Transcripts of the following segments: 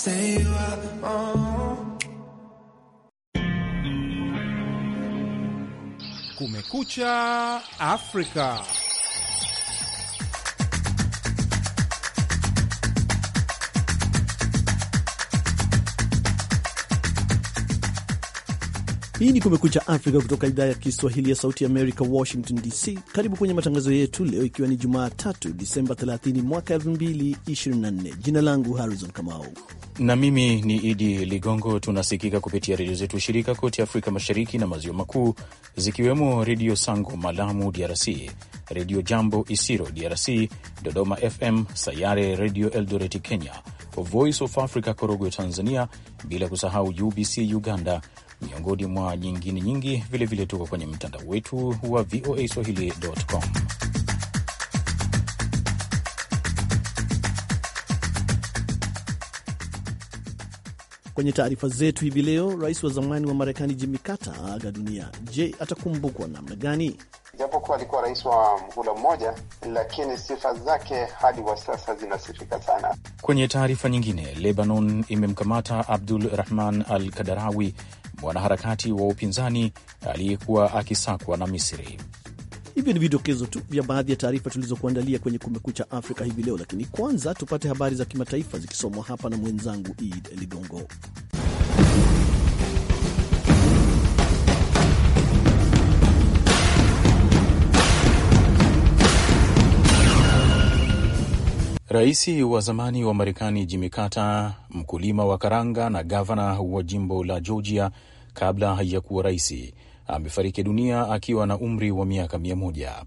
Uh-huh. Kumekucha Afrika. Hii ni Kumekucha Afrika kutoka idhaa ya Kiswahili ya Sauti Amerika, Washington DC. Karibu kwenye matangazo yetu leo, ikiwa ni Jumatatu Disemba 30 mwaka 2024. Jina langu Harrison Kamau na mimi ni Idi Ligongo. Tunasikika kupitia redio zetu shirika kote Afrika Mashariki na Maziwa Makuu, zikiwemo Redio Sango Malamu DRC, Redio Jambo Isiro DRC, Dodoma FM, Sayare Redio Eldoreti Kenya, Voice of Africa Korogwe Tanzania, bila kusahau UBC Uganda, miongoni mwa nyingine nyingi. Vilevile tuko kwenye mtandao wetu wa VOA swahili.com. Kwenye taarifa zetu hivi leo, rais wa zamani wa Marekani Jimmy Carter aaga dunia. Je, atakumbukwa namna gani? Japokuwa alikuwa rais wa mhula mmoja, lakini sifa zake hadi wa sasa zinasifika sana. Kwenye taarifa nyingine, Lebanon imemkamata Abdul Rahman al Kadarawi mwanaharakati wa upinzani aliyekuwa akisakwa na Misri. Hivyo ni vidokezo tu vya baadhi ya taarifa tulizokuandalia kwenye Kumekucha Afrika hivi leo, lakini kwanza tupate habari za kimataifa zikisomwa hapa na mwenzangu Id Ligongo. Rais wa zamani wa Marekani Jimmy Carter, mkulima wa karanga na gavana wa jimbo la Georgia kabla ya kuwa rais. Amefariki dunia akiwa na umri wa miaka mia moja.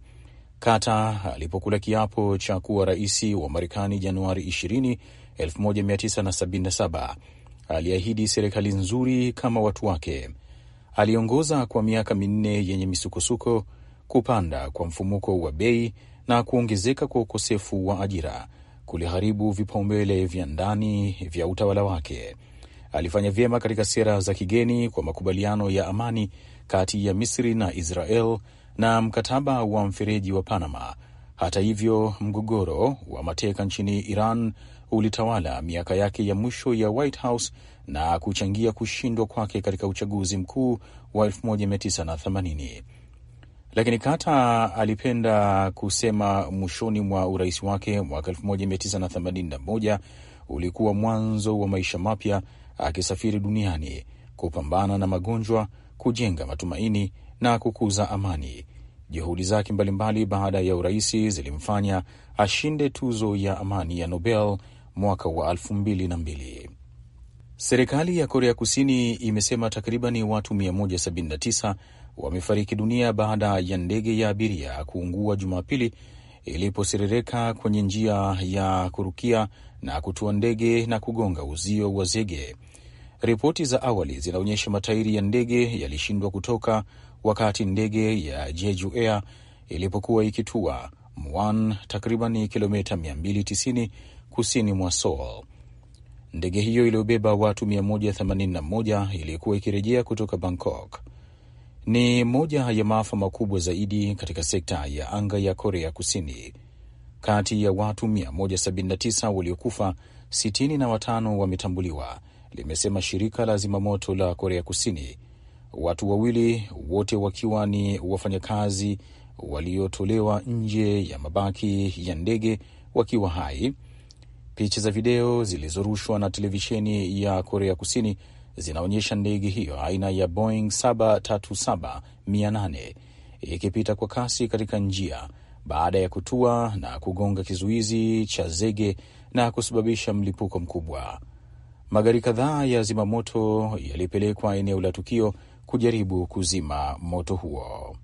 Kata alipokula kiapo cha kuwa rais wa Marekani Januari 20, 1977 aliahidi serikali nzuri kama watu wake. Aliongoza kwa miaka minne yenye misukosuko, kupanda kwa mfumuko wa bei na kuongezeka kwa ukosefu wa ajira kuliharibu vipaumbele vya ndani vya utawala wake alifanya vyema katika sera za kigeni kwa makubaliano ya amani kati ya Misri na Israel na mkataba wa mfereji wa Panama. Hata hivyo, mgogoro wa mateka nchini Iran ulitawala miaka yake ya mwisho ya White House na kuchangia kushindwa kwake katika uchaguzi mkuu wa 1980. Lakini Kata alipenda kusema mwishoni mwa urais wake mwaka 1981 ulikuwa mwanzo wa maisha mapya akisafiri duniani kupambana na magonjwa, kujenga matumaini na kukuza amani. Juhudi zake mbalimbali baada ya uraisi zilimfanya ashinde tuzo ya amani ya Nobel mwaka wa elfu mbili na mbili. Serikali ya Korea Kusini imesema takribani watu 179 wamefariki dunia baada ya ndege ya abiria kuungua Jumapili iliposerereka kwenye njia ya kurukia na kutua ndege na kugonga uzio wa zege. Ripoti za awali zinaonyesha matairi ya ndege yalishindwa kutoka wakati ndege ya Jeju Air ilipokuwa ikitua Mwan, takriban kilomita 290 kusini mwa Seoul. Ndege hiyo iliyobeba watu 181 ilikuwa ikirejea kutoka Bangkok. Ni moja ya maafa makubwa zaidi katika sekta ya anga ya Korea Kusini. Kati ya watu 179 waliokufa, 65 wametambuliwa, limesema shirika la zimamoto la Korea Kusini, watu wawili wote wakiwa ni wafanyakazi waliotolewa nje ya mabaki ya ndege wakiwa hai. Picha za video zilizorushwa na televisheni ya Korea Kusini zinaonyesha ndege hiyo aina ya Boeing 737-800 ikipita kwa kasi katika njia baada ya kutua na kugonga kizuizi cha zege na kusababisha mlipuko mkubwa. Magari kadhaa ya zimamoto yalipelekwa eneo la tukio kujaribu kuzima moto huo.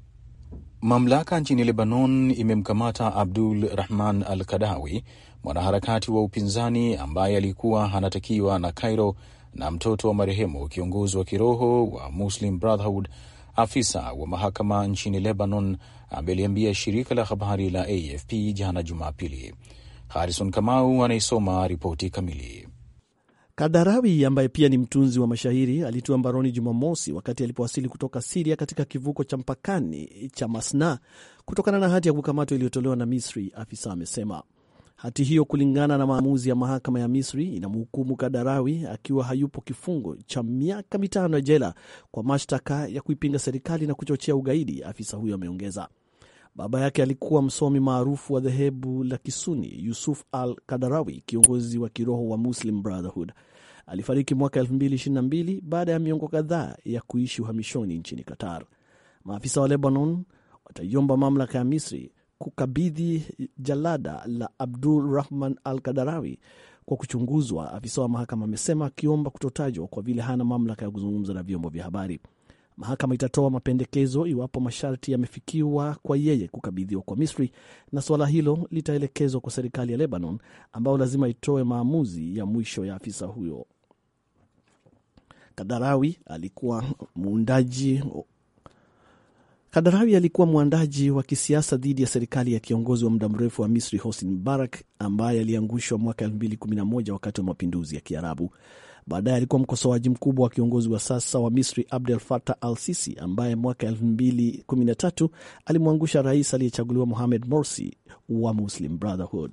Mamlaka nchini Lebanon imemkamata Abdul Rahman Al Kadawi, mwanaharakati wa upinzani ambaye alikuwa anatakiwa na Cairo na mtoto wa marehemu kiongozi wa kiroho wa Muslim Brotherhood. Afisa wa mahakama nchini Lebanon ameliambia shirika la habari la AFP jana Jumapili. Harison Kamau anaisoma ripoti kamili. Kadarawi ambaye pia ni mtunzi wa mashairi alitiwa mbaroni Jumamosi wakati alipowasili kutoka Siria katika kivuko cha mpakani cha Masna kutokana na hati ya kukamatwa iliyotolewa na Misri, afisa amesema. Hati hiyo, kulingana na maamuzi ya mahakama ya Misri, inamhukumu Kadarawi akiwa hayupo kifungo cha miaka mitano ya jela kwa mashtaka ya kuipinga serikali na kuchochea ugaidi, afisa huyo ameongeza. Baba yake alikuwa msomi maarufu wa dhehebu la Kisuni Yusuf al Kadarawi, kiongozi wa kiroho wa Muslim Brotherhood. Alifariki mwaka 2022 baada ya miongo kadhaa ya kuishi uhamishoni nchini Qatar. Maafisa wa Lebanon wataiomba mamlaka ya Misri kukabidhi jalada la Abdul Rahman al Kadarawi kwa kuchunguzwa, afisa wa mahakama amesema, akiomba kutotajwa kwa vile hana mamlaka ya kuzungumza na vyombo vya habari. Mahakama itatoa mapendekezo iwapo masharti yamefikiwa kwa yeye kukabidhiwa kwa Misri, na suala hilo litaelekezwa kwa serikali ya Lebanon ambayo lazima itoe maamuzi ya mwisho ya afisa huyo. Kadarawi alikuwa muundaji Kadarawi alikuwa mwandaji wa kisiasa dhidi ya serikali ya kiongozi wa muda mrefu wa Misri Hosni Mubarak ambaye aliangushwa mwaka 2011 wakati wa mapinduzi ya Kiarabu. Baadaye alikuwa mkosoaji mkubwa wa kiongozi wa sasa wa Misri Abdel Fattah al Sisi, ambaye mwaka 2013 alimwangusha rais aliyechaguliwa Mohamed Morsi wa Muslim Brotherhood.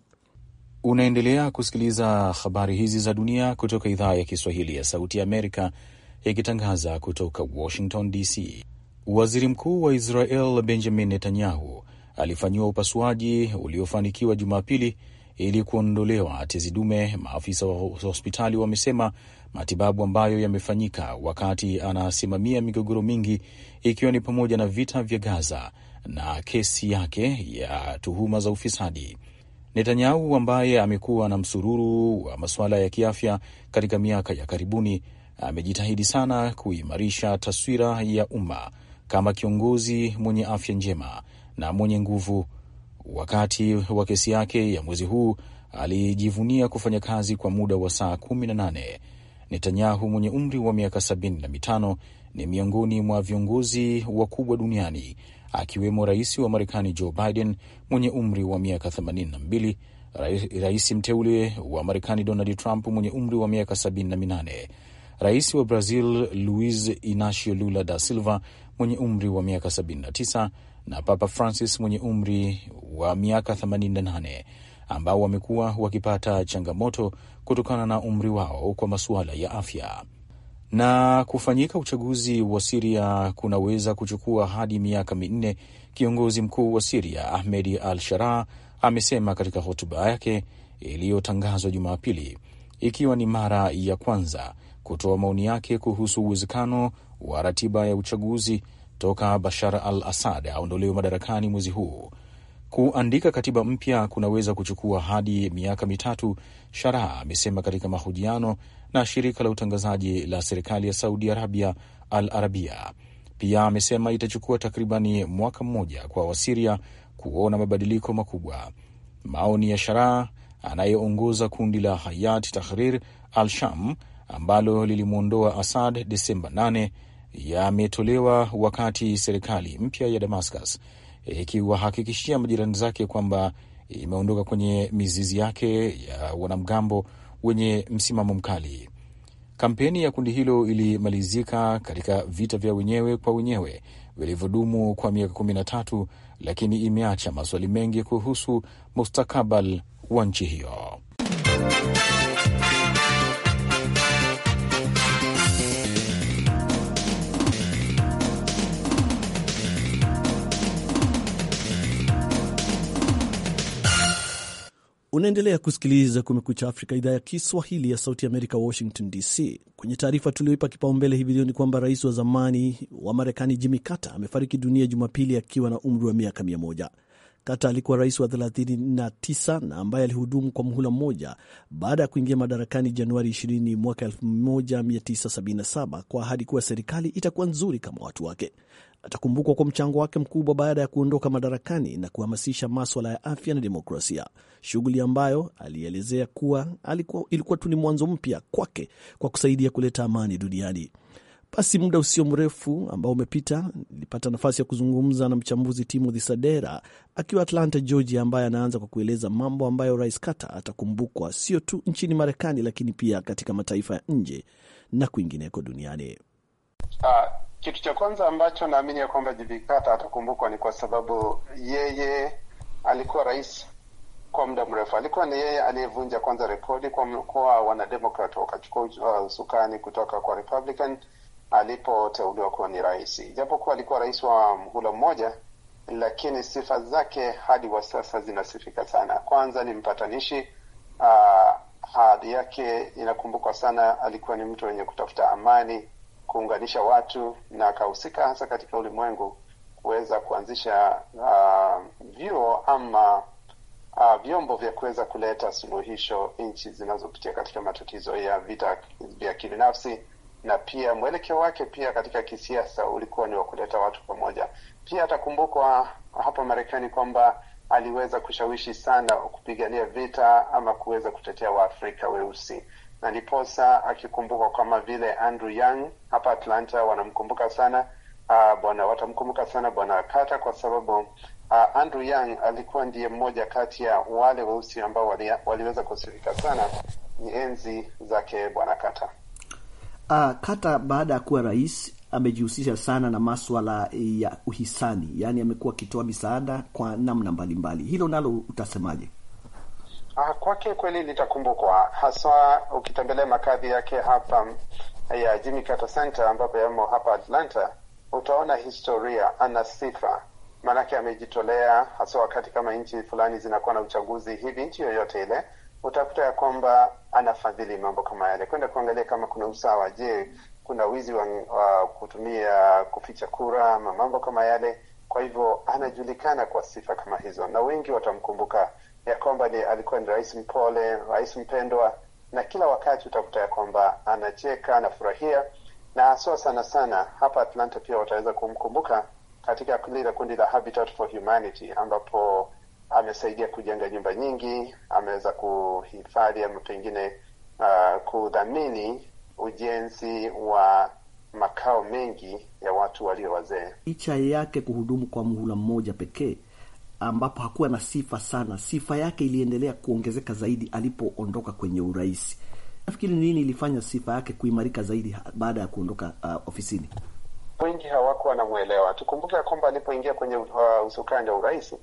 Unaendelea kusikiliza habari hizi za dunia kutoka idhaa ya Kiswahili ya Sauti ya Amerika, ikitangaza kutoka Washington DC. Waziri Mkuu wa Israel Benjamin Netanyahu alifanyiwa upasuaji uliofanikiwa Jumapili ili kuondolewa tezi dume, maafisa wa hospitali wamesema, matibabu ambayo yamefanyika wakati anasimamia migogoro mingi ikiwa ni pamoja na vita vya Gaza na kesi yake ya tuhuma za ufisadi. Netanyahu ambaye amekuwa na msururu wa masuala ya kiafya katika miaka ya karibuni amejitahidi sana kuimarisha taswira ya umma kama kiongozi mwenye afya njema na mwenye nguvu. Wakati wa kesi yake ya mwezi huu alijivunia kufanya kazi kwa muda wa saa kumi na nane Netanyahu mwenye umri wa miaka sabini na mitano ni miongoni mwa viongozi wakubwa duniani akiwemo rais wa Marekani Joe Biden mwenye umri wa miaka themanini na mbili, rais mteule wa Marekani Donald Trump mwenye umri wa miaka sabini na minane, rais wa Brazil Luiz Inacio Lula da Silva mwenye umri wa miaka sabini na tisa na Papa Francis mwenye umri wa miaka themanini na nane ambao wamekuwa wakipata changamoto kutokana na umri wao kwa masuala ya afya. Na kufanyika uchaguzi wa Siria kunaweza kuchukua hadi miaka minne, kiongozi mkuu wa Siria Ahmedi al shara amesema katika hotuba yake iliyotangazwa Jumapili, ikiwa ni mara ya kwanza kutoa maoni yake kuhusu uwezekano wa ratiba ya uchaguzi toka Bashar al Asad aondolewe madarakani mwezi huu. Kuandika katiba mpya kunaweza kuchukua hadi miaka mitatu, Sharaa amesema katika mahojiano na shirika la utangazaji la serikali ya Saudi Arabia Al Arabia. Pia amesema itachukua takribani mwaka mmoja kwa Wasiria kuona mabadiliko makubwa. Maoni ya Sharaa anayeongoza kundi la Hayat Tahrir al-Sham ambalo lilimwondoa Assad Desemba 8 yametolewa wakati serikali mpya ya Damascus Eh, ikiwahakikishia majirani zake kwamba eh, imeondoka kwenye mizizi yake ya wanamgambo wenye msimamo mkali. Kampeni ya kundi hilo ilimalizika katika vita vya wenyewe kwa wenyewe vilivyodumu kwa miaka kumi na tatu, lakini imeacha maswali mengi kuhusu mustakabali wa nchi hiyo. Unaendelea kusikiliza Kumekucha Afrika, idhaa ya Kiswahili ya Sauti Amerika, Washington DC. Kwenye taarifa tulioipa kipaumbele hivi leo ni kwamba rais wa zamani wa Marekani Jimmy Carter amefariki dunia Jumapili akiwa na umri wa miaka mia moja. Carter alikuwa rais wa 39 na ambaye alihudumu kwa muhula mmoja baada ya kuingia madarakani Januari 20 mwaka 1977 kwa ahadi kuwa serikali itakuwa nzuri kama watu wake atakumbukwa kwa mchango wake mkubwa baada ya kuondoka madarakani na kuhamasisha maswala ya afya na demokrasia, shughuli ambayo alielezea kuwa alikuwa, ilikuwa tu ni mwanzo mpya kwake kwa kusaidia kuleta amani duniani. Basi muda usio mrefu ambao umepita, nilipata nafasi ya kuzungumza na mchambuzi Timothy Sadera akiwa Atlanta, Georgia, ambaye anaanza kwa kueleza mambo ambayo Rais Carter atakumbukwa sio tu nchini Marekani, lakini pia katika mataifa ya nje na kwingineko duniani. Uh, kitu cha kwanza ambacho naamini ya kwamba Jimmy Carter atakumbukwa ni kwa sababu yeye alikuwa rais kwa muda mrefu. Alikuwa ni yeye aliyevunja kwanza rekodi kwa kuwa wanademokrat wakachukua uh, usukani kutoka kwa Republican alipoteuliwa kuwa ni rais. Japokuwa alikuwa rais wa mhula mmoja, lakini sifa zake hadi wa sasa zinasifika sana. Kwanza ni mpatanishi uh, hadhi yake inakumbukwa sana. Alikuwa ni mtu wenye kutafuta amani kuunganisha watu na akahusika hasa katika ulimwengu kuweza kuanzisha uh, vyuo ama uh, vyombo vya kuweza kuleta suluhisho nchi zinazopitia katika matatizo ya vita vya kibinafsi, na pia mwelekeo wake pia katika kisiasa ulikuwa ni wa kuleta watu pamoja. Pia atakumbukwa hapa Marekani kwamba aliweza kushawishi sana kupigania vita ama kuweza kutetea Waafrika weusi na ndiposa akikumbuka kama vile Andrew Young hapa Atlanta wanamkumbuka sana uh, bwana watamkumbuka sana bwana kata kwa sababu uh, Andrew Young alikuwa ndiye mmoja kati ya wale weusi ambao wali, waliweza kusifika sana ni enzi zake bwana kata Uh, kata baada ya kuwa rais amejihusisha sana na maswala ya uhisani, yaani amekuwa akitoa misaada kwa namna mbalimbali mbali. Hilo nalo utasemaje? Ah, kwake kweli litakumbukwa haswa ukitembelea makadhi yake hapa eh, ya Jimmy Carter Center ambapo yamo hapa Atlanta, utaona historia, ana sifa maanake amejitolea haswa. Wakati kama nchi fulani zinakuwa na uchaguzi hivi, nchi yoyote ile, utakuta ya kwamba anafadhili mambo kama yale, kwenda kuangalia kama kuna usawa. Je, kuna wizi wa, wa kutumia kuficha kura ama mambo kama yale. Kwa hivyo anajulikana kwa sifa kama hizo, na wengi watamkumbuka ya kwamba ni alikuwa ni rais mpole, rais mpendwa, na kila wakati utakuta ya kwamba anacheka, anafurahia na asoa sana sana hapa Atlanta pia wataweza kumkumbuka katika lile kundi la Habitat for Humanity ambapo amesaidia kujenga nyumba nyingi, ameweza kuhifadhi ama pengine uh, kudhamini ujenzi wa makao mengi ya watu walio wazee. Licha yake kuhudumu kwa muhula mmoja pekee, ambapo hakuwa na sifa sana. Sifa yake iliendelea kuongezeka zaidi alipoondoka kwenye urais. Nafikiri nini ilifanya sifa yake kuimarika zaidi baada ya kuondoka uh, ofisini? Wengi hawakuwa wanamwelewa. Tukumbuke ya kwamba alipoingia kwenye uh, usukani wa urais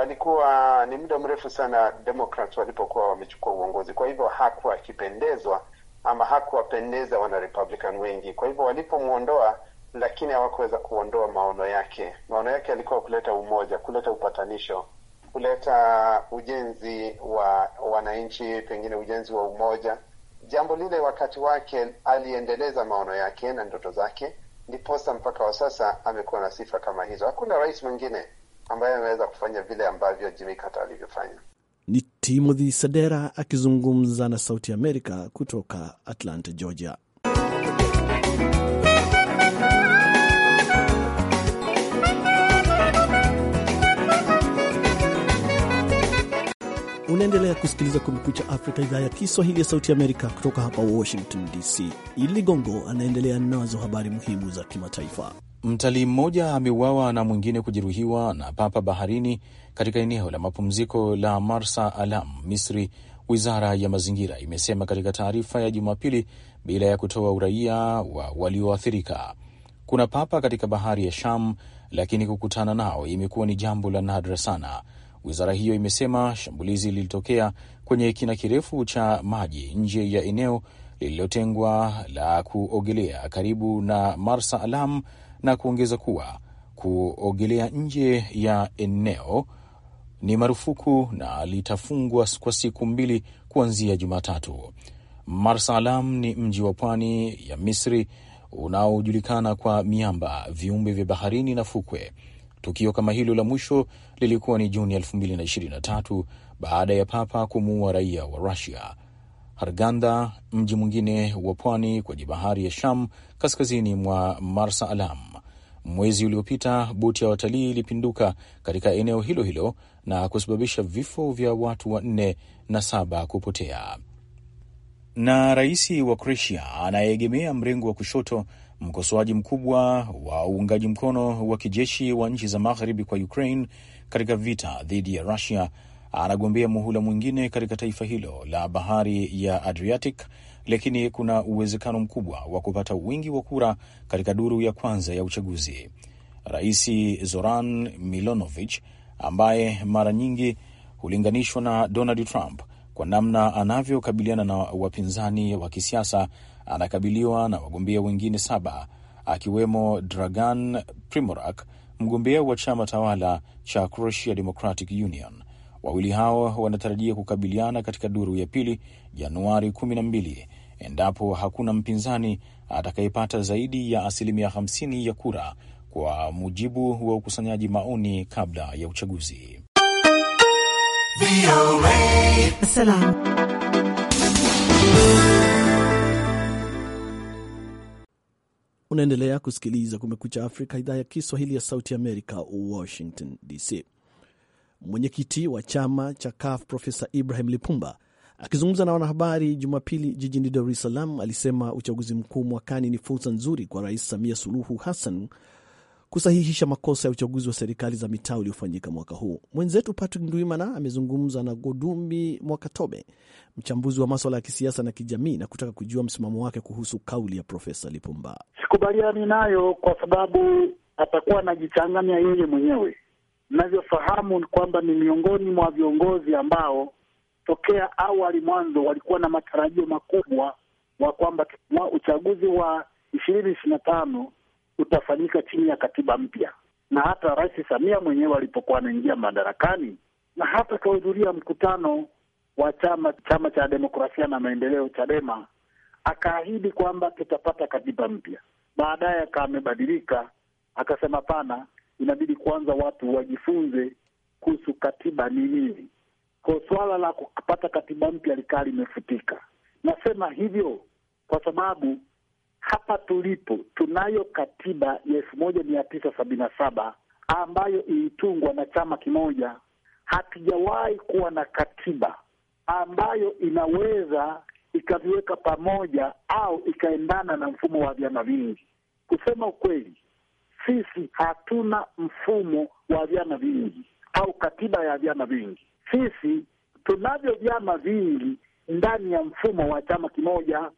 alikuwa ni muda mrefu sana Democrats walipokuwa wamechukua uongozi, kwa hivyo hakuwa akipendezwa ama hakuwapendeza wana Republican wengi. Kwa hivyo walipomwondoa lakini hawakuweza kuondoa maono yake. Maono yake yalikuwa kuleta umoja, kuleta upatanisho, kuleta ujenzi wa wananchi, pengine ujenzi wa umoja. Jambo lile wakati wake aliendeleza maono yake na ndoto zake, ndiposa mpaka wa sasa amekuwa na sifa kama hizo. Hakuna rais mwingine ambaye ameweza kufanya vile ambavyo Jimmy Carter alivyofanya. Ni Timothy Sadera akizungumza na Sauti Amerika kutoka Atlanta, Georgia. Unaendelea kusikiliza Kumekucha Afrika, idhaa ya Kiswahili ya Sauti Amerika kutoka hapa Washington DC. Ili Gongo anaendelea nazo habari muhimu za kimataifa. Mtalii mmoja ameuawa na mwingine kujeruhiwa na papa baharini katika eneo la mapumziko la Marsa Alam, Misri, wizara ya mazingira imesema katika taarifa ya Jumapili bila ya kutoa uraia wa walioathirika. Kuna papa katika bahari ya Sham, lakini kukutana nao imekuwa ni jambo la nadra sana Wizara hiyo imesema shambulizi lilitokea kwenye kina kirefu cha maji nje ya eneo lililotengwa la kuogelea karibu na Marsa Alam na kuongeza kuwa kuogelea nje ya eneo ni marufuku na litafungwa kwa siku mbili kuanzia Jumatatu. Marsa Alam ni mji wa pwani ya Misri unaojulikana kwa miamba, viumbe vya baharini na fukwe. Tukio kama hilo la mwisho lilikuwa ni Juni 2023 baada ya papa kumuua raia wa Rusia. Harganda, mji mwingine wa pwani kwenye bahari ya Sham kaskazini mwa Marsa Alam. Mwezi uliopita boti ya watalii ilipinduka katika eneo hilo hilo na kusababisha vifo vya watu wanne na saba kupotea. Na rais wa Kroatia anayeegemea mrengo wa kushoto mkosoaji mkubwa wa uungaji mkono wa kijeshi wa nchi za magharibi kwa Ukraine katika vita dhidi ya Rusia, anagombea muhula mwingine katika taifa hilo la bahari ya Adriatic, lakini kuna uwezekano mkubwa wa kupata wingi wa kura katika duru ya kwanza ya uchaguzi. Rais Zoran Milonovich ambaye mara nyingi hulinganishwa na Donald Trump kwa namna anavyokabiliana na wapinzani wa kisiasa anakabiliwa na wagombea wengine saba akiwemo Dragan primorak mgombea wa chama tawala cha Croatia Democratic Union. Wawili hao wanatarajia kukabiliana katika duru ya pili Januari kumi na mbili endapo hakuna mpinzani atakayepata zaidi ya asilimia 50 ya kura kwa mujibu wa ukusanyaji maoni kabla ya uchaguzi. Unaendelea kusikiliza Kumekucha Afrika, idhaa ya Kiswahili ya Sauti Amerika, Washington DC. Mwenyekiti wa chama cha CUF Profesa Ibrahim Lipumba akizungumza na wanahabari Jumapili jijini Dar es Salaam alisema uchaguzi mkuu mwakani ni fursa nzuri kwa Rais Samia Suluhu Hassan kusahihisha makosa ya uchaguzi wa serikali za mitaa uliofanyika mwaka huu. Mwenzetu Patrick Ndwimana amezungumza na Godumbi Mwakatobe, mchambuzi wa maswala ya kisiasa na kijamii, na kutaka kujua msimamo wake kuhusu kauli ya Profesa Lipumba. Sikubaliani nayo kwa sababu atakuwa anajichanganya yeye mwenyewe. Ninavyofahamu ni kwamba ni miongoni mwa viongozi ambao tokea awali mwanzo walikuwa na matarajio makubwa wa kwamba uchaguzi wa ishirini ishirini na tano utafanyika chini ya katiba mpya, na hata Rais Samia mwenyewe alipokuwa anaingia madarakani, na hata akahudhuria mkutano wa chama chama cha demokrasia na maendeleo Chadema, akaahidi kwamba tutapata katiba mpya. Baadaye akaa amebadilika, akasema pana, inabidi kwanza watu wajifunze kuhusu katiba ni nini. Kwa suala la kupata katiba mpya likaa limefutika. Nasema hivyo kwa sababu hapa tulipo tunayo katiba ya elfu moja mia tisa sabini na saba ambayo ilitungwa na chama kimoja. Hatujawahi kuwa na katiba ambayo inaweza ikaviweka pamoja au ikaendana na mfumo wa vyama vingi. Kusema ukweli, sisi hatuna mfumo wa vyama vingi au katiba ya vyama vingi. Sisi tunavyo vyama vingi ndani ya mfumo wa chama kimoja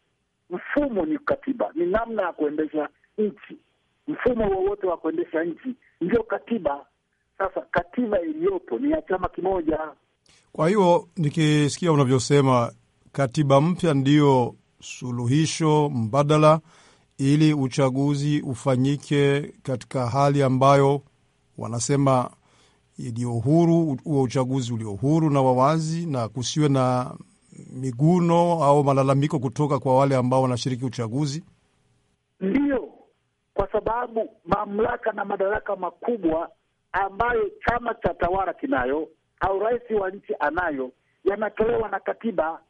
mfumo ni katiba, ni namna ya kuendesha nchi. Mfumo wowote wa kuendesha nchi ndio katiba. Sasa katiba iliyopo ni ya chama kimoja. Kwa hiyo nikisikia unavyosema, katiba mpya ndiyo suluhisho mbadala ili uchaguzi ufanyike katika hali ambayo wanasema iliyo huru, huo uchaguzi ulio huru na wawazi, na kusiwe na miguno au malalamiko kutoka kwa wale ambao wanashiriki uchaguzi? Ndiyo, kwa sababu mamlaka na madaraka makubwa ambayo chama cha tawala kinayo au rais wa nchi anayo yanatolewa na katiba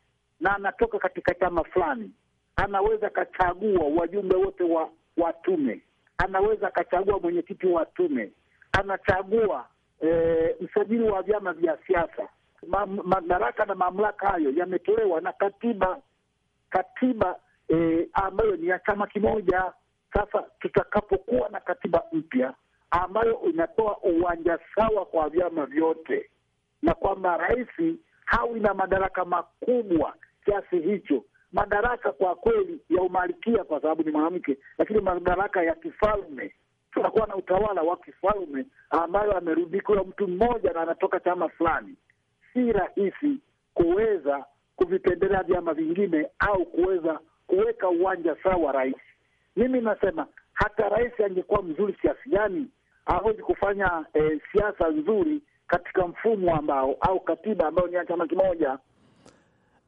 na anatoka katika chama fulani. Anaweza akachagua wajumbe wote wa, wa tume, anaweza akachagua mwenyekiti wa tume, anachagua e, msajili wa vyama vya siasa madaraka na mamlaka hayo yametolewa na katiba katiba e, ambayo ni ya chama kimoja. Sasa tutakapokuwa na katiba mpya ambayo inatoa uwanja sawa kwa vyama vyote, na kwamba rais hawi na madaraka makubwa kiasi hicho, madaraka kwa kweli ya umalikia, kwa sababu ni mwanamke, lakini madaraka ya kifalme tunakuwa na utawala wa kifalme ambayo amerudikiwa mtu mmoja na anatoka chama fulani si rahisi kuweza kuvipendelea vyama vingine au kuweza kuweka uwanja sawa rais. Mimi nasema hata rais angekuwa mzuri kiasi gani, hawezi kufanya e, siasa nzuri katika mfumo ambao au katiba ambayo ni ya chama kimoja.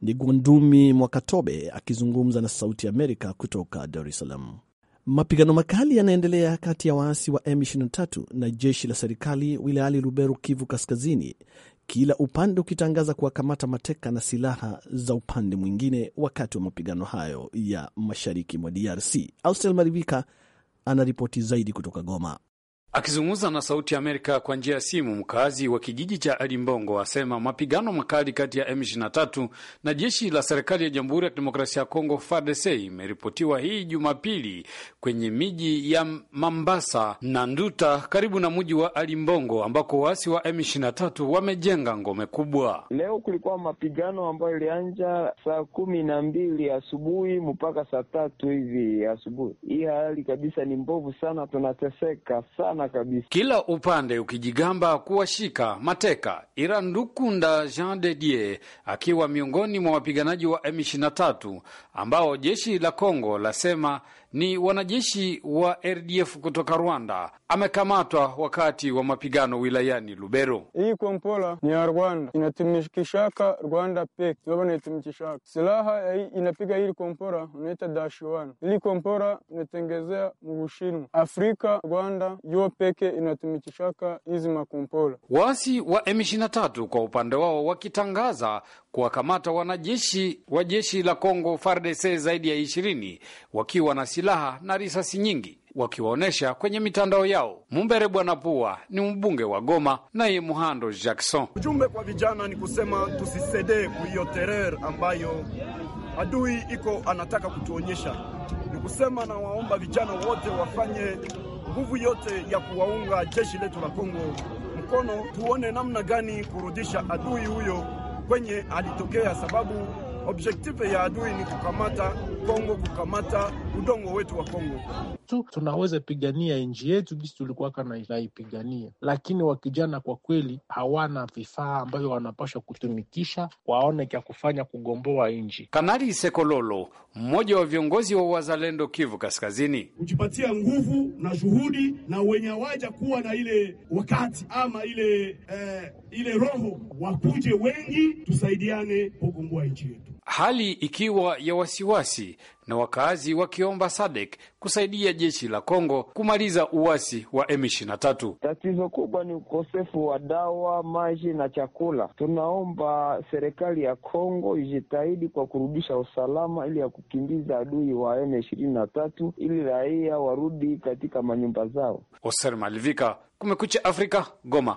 Ni Gundumi Mwakatobe akizungumza na Sauti Amerika kutoka Dar es Salaam. Mapigano makali yanaendelea kati ya waasi wa M23 na jeshi la serikali wilayani Lubero, Kivu Kaskazini, kila upande ukitangaza kuwakamata mateka na silaha za upande mwingine wakati wa mapigano hayo ya mashariki mwa DRC. Austel Marivika anaripoti zaidi kutoka Goma. Akizungumza na Sauti ya Amerika kwa njia ya simu, mkazi wa kijiji cha Alimbongo asema mapigano makali kati ya M23 na jeshi la serikali ya Jamhuri ya Kidemokrasia ya Kongo FARDC imeripotiwa hii Jumapili kwenye miji ya Mambasa na Nduta karibu na mji wa Alimbongo ambako waasi wa M23 wamejenga ngome kubwa. Leo kulikuwa mapigano ambayo ilianja saa kumi na mbili asubuhi mpaka saa tatu hivi asubuhi. Hii hali kabisa ni mbovu sana, tunateseka sana sana kabisa, kila upande ukijigamba kuwashika mateka. Ira Ndukunda Jean de Dieu akiwa miongoni mwa wapiganaji wa M23 ambao jeshi la Kongo lasema ni wanajeshi wa RDF kutoka Rwanda amekamatwa wakati wa mapigano wilayani Lubero. Hii kompola ni ya Rwanda, inatumikishaka Rwanda pek nabo, naitumikishaka silaha ya hii inapiga hili kompora unaita dashiwana. Hili kompora inatengezea Mubushinwa, Afrika, Rwanda yo peke inatumikishaka hizi makompola. Waasi wa M23 kwa upande wao wakitangaza kuwakamata wanajeshi wa jeshi la Congo FARDC zaidi ya ishirini wakiwa na silaha silaha na risasi nyingi wakiwaonyesha kwenye mitandao yao. Mumbere Bwana Pua ni mbunge wa Goma, naye Muhando Jackson. Ujumbe kwa vijana ni kusema tusisedee kuiyo terer ambayo adui iko anataka kutuonyesha. Ni kusema na waomba vijana wote wafanye nguvu yote ya kuwaunga jeshi letu la Kongo mkono, tuone namna gani kurudisha adui huyo kwenye alitokea, sababu objektive ya adui ni kukamata Kongo, kukamata udongo wetu wa Kongo tu tunaweza pigania nchi yetu gisi tulikuwaka naipigania, lakini wakijana kwa kweli hawana vifaa ambavyo wanapashwa kutumikisha waone kya kufanya kugomboa nchi. Kanali Sekololo, mmoja wa viongozi wa wazalendo Kivu Kaskazini, kujipatia nguvu na juhudi na wenye waja kuwa na ile wakati ama ile eh, ile roho wakuje wengi, tusaidiane kugomboa nchi yetu hali ikiwa ya wasiwasi na wakazi wakiomba SADC kusaidia jeshi la Kongo kumaliza uasi wa M23. Tatizo kubwa ni ukosefu wa dawa, maji na chakula. Tunaomba serikali ya Kongo ijitahidi kwa kurudisha usalama ili ya kukimbiza adui wa M23 ili raia warudi katika manyumba zao. Oser Malivika, Kumekucha Afrika, Goma.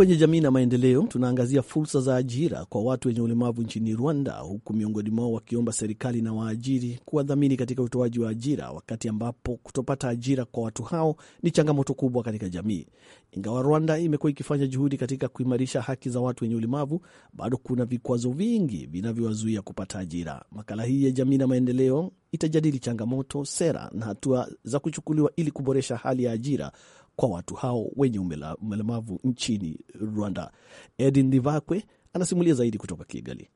kwenye jamii na maendeleo, tunaangazia fursa za ajira kwa watu wenye ulemavu nchini Rwanda, huku miongoni mwao wakiomba serikali na waajiri kuwadhamini katika utoaji wa ajira, wakati ambapo kutopata ajira kwa watu hao ni changamoto kubwa katika jamii. Ingawa Rwanda imekuwa ikifanya juhudi katika kuimarisha haki za watu wenye ulemavu, bado kuna vikwazo vingi vinavyowazuia kupata ajira. Makala hii ya jamii na maendeleo itajadili changamoto, sera na hatua za kuchukuliwa ili kuboresha hali ya ajira kwa watu hao wenye umelemavu nchini Rwanda. Edin Livakwe anasimulia zaidi kutoka Kigali.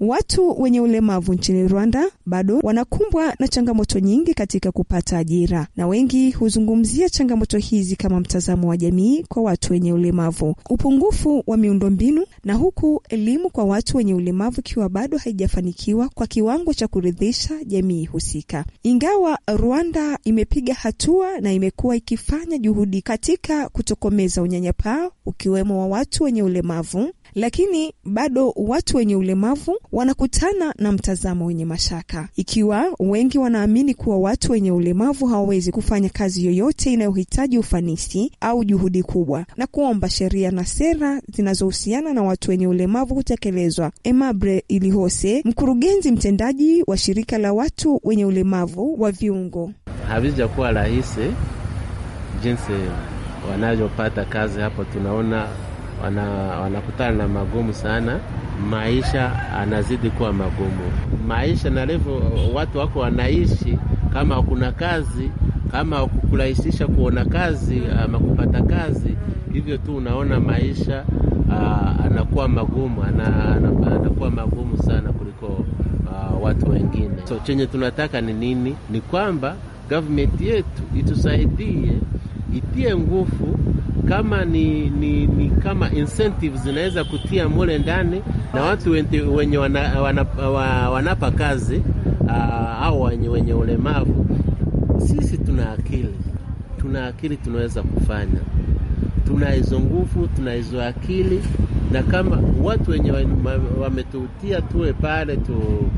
Watu wenye ulemavu nchini Rwanda bado wanakumbwa na changamoto nyingi katika kupata ajira, na wengi huzungumzia changamoto hizi kama mtazamo wa jamii kwa watu wenye ulemavu, upungufu wa miundombinu, na huku elimu kwa watu wenye ulemavu ikiwa bado haijafanikiwa kwa kiwango cha kuridhisha jamii husika. Ingawa Rwanda imepiga hatua na imekuwa ikifanya juhudi katika kutokomeza unyanyapaa, ukiwemo wa watu wenye ulemavu, lakini bado watu wenye ulemavu uovu wanakutana na mtazamo wenye mashaka, ikiwa wengi wanaamini kuwa watu wenye ulemavu hawawezi kufanya kazi yoyote inayohitaji ufanisi au juhudi kubwa, na kuomba sheria na sera zinazohusiana na watu wenye ulemavu kutekelezwa. Emabre Ilihose, mkurugenzi mtendaji wa shirika la watu wenye ulemavu wa viungo: havijakuwa rahisi jinsi wanavyopata kazi. Hapo tunaona wanakutana wana na magumu sana, maisha anazidi kuwa magumu. Maisha na levo watu wako wanaishi, kama hakuna kazi, kama kukurahisisha kuona kazi ama kupata kazi, hivyo tu unaona maisha Uh, anakuwa magumu ana, anakuwa magumu sana kuliko uh, watu wengine. So chenye tunataka ni nini? Ni kwamba government yetu itusaidie, itie nguvu kama ni, ni, ni kama incentives zinaweza kutia mule ndani na watu wenye wanapa wana, wana, wana kazi ah, au wenye, wenye ulemavu. Sisi tuna akili, tuna akili tunaweza kufanya, tuna hizo nguvu, tuna hizo akili, na kama watu wenye wametutia tuwe pale tu,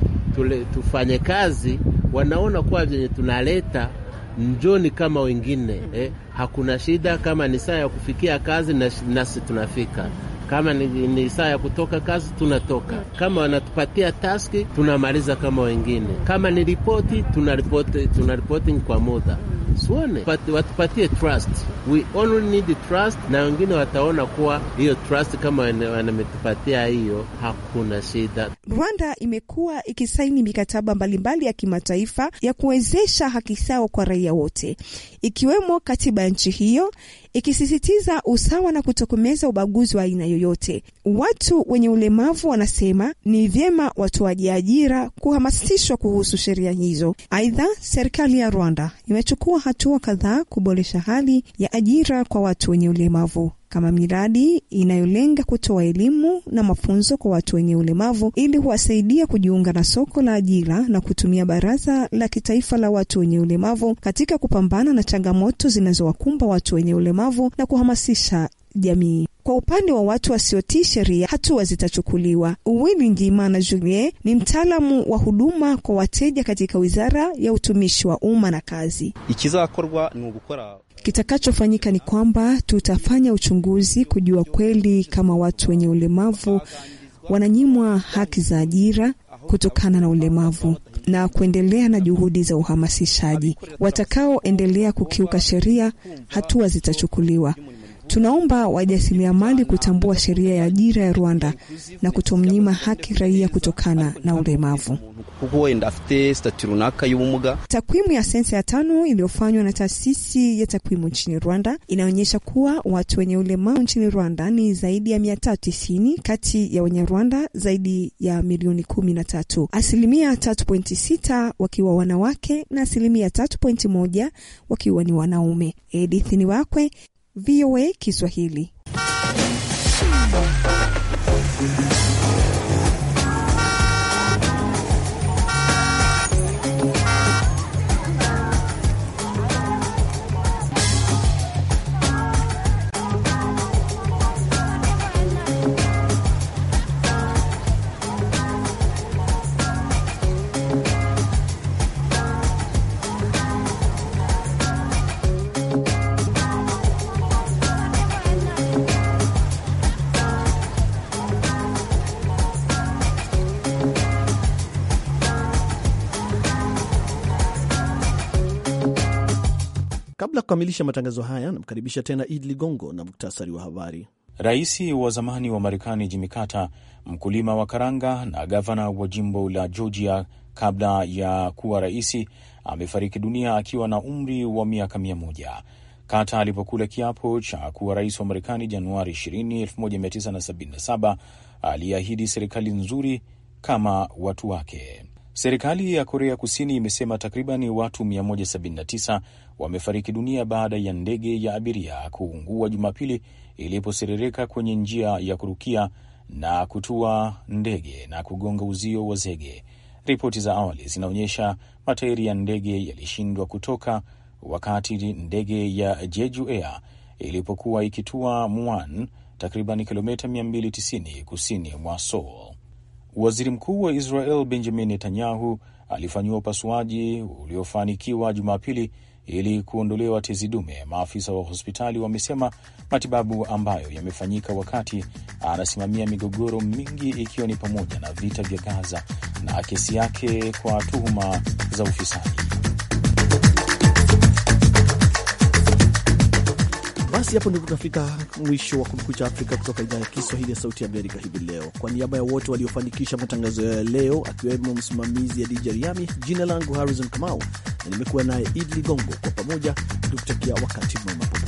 tufanye kazi, wanaona kuwa vyenye tunaleta njoni kama wengine eh, hakuna shida. Kama ni saa ya kufikia kazi nasi, nasi tunafika kama ni, ni saa ya kutoka kazi tunatoka. Kama wanatupatia taski tunamaliza kama wengine. Kama ni ripoti tunaripoti, tunaripoti kwa muda. Sione watupatie trust we only need trust, na wengine wataona kuwa hiyo trust kama wanametupatia hiyo, hakuna shida. Rwanda imekuwa ikisaini mikataba mbalimbali ya kimataifa ya kuwezesha haki sawa kwa raia wote, ikiwemo katiba ya nchi hiyo ikisisitiza usawa na kutokomeza ubaguzi wa aina yoyote. Watu wenye ulemavu wanasema ni vyema watoaji ajira kuhamasishwa kuhusu sheria hizo. Aidha, serikali ya Rwanda imechukua hatua kadhaa kuboresha hali ya ajira kwa watu wenye ulemavu kama miradi inayolenga kutoa elimu na mafunzo kwa watu wenye ulemavu ili huwasaidia kujiunga na soko la ajira na kutumia Baraza la Kitaifa la Watu wenye Ulemavu katika kupambana na changamoto zinazowakumba watu wenye ulemavu na kuhamasisha jamii. Kwa upande wa watu wasiotii sheria, hatua zitachukuliwa. Uwini Ngimana julie ni mtaalamu wa huduma kwa wateja katika wizara ya utumishi wa umma na kazi. ikizakorwa ni ugukora Kitakachofanyika ni kwamba tutafanya uchunguzi kujua kweli kama watu wenye ulemavu wananyimwa haki za ajira kutokana na ulemavu na kuendelea na juhudi za uhamasishaji. Watakaoendelea kukiuka sheria, hatua zitachukuliwa. Tunaomba wajasiriamali kutambua sheria ya ajira ya Rwanda na kutomnyima haki raia kutokana na ulemavu. Takwimu ya sensa ya tano iliyofanywa na taasisi ya takwimu nchini Rwanda inaonyesha kuwa watu wenye ulemavu nchini Rwanda ni zaidi ya mia tatu tisini kati ya wenye Rwanda zaidi ya milioni kumi na tatu, asilimia tatu pointi sita wakiwa wanawake na asilimia tatu pointi moja wakiwa ni wanaume. Edith ni wakwe VOA Kiswahili. Kabla ya kukamilisha matangazo haya, namkaribisha tena Id Ligongo na muktasari wa habari. Rais wa zamani wa Marekani Jimmy Carter, mkulima wa karanga na gavana wa jimbo la Georgia kabla ya kuwa raisi, amefariki dunia akiwa na umri wa miaka mia moja. Carter alipokula kiapo cha kuwa rais wa Marekani Januari 20, 1977 aliyeahidi serikali nzuri kama watu wake. Serikali ya Korea Kusini imesema takriban watu 179 wamefariki dunia baada ya ndege ya abiria kuungua Jumapili iliposerereka kwenye njia ya kurukia na kutua ndege na kugonga uzio wa zege. Ripoti za awali zinaonyesha matairi ya ndege yalishindwa kutoka wakati ndege ya Jeju Air ilipokuwa ikitua Mwan, takriban kilomita 290 kusini mwa Seoul. Waziri Mkuu wa Israel Benjamin Netanyahu alifanyiwa upasuaji uliofanikiwa Jumapili ili kuondolewa tezi dume, maafisa wa hospitali wamesema. Matibabu ambayo yamefanyika wakati anasimamia migogoro mingi, ikiwa ni pamoja na vita vya Gaza na kesi yake kwa tuhuma za ufisadi. Basi hapo ndipo tunafika mwisho wa Kumekucha Afrika kutoka idhaa ya Kiswahili ya Sauti Amerika hivi leo. Kwa niaba ya wote waliofanikisha matangazo ya leo, akiwemo msimamizi ya dija Riami, jina langu Harrison Kamau na nimekuwa naye Idi Ligongo, kwa pamoja tukutakia wakati mwema.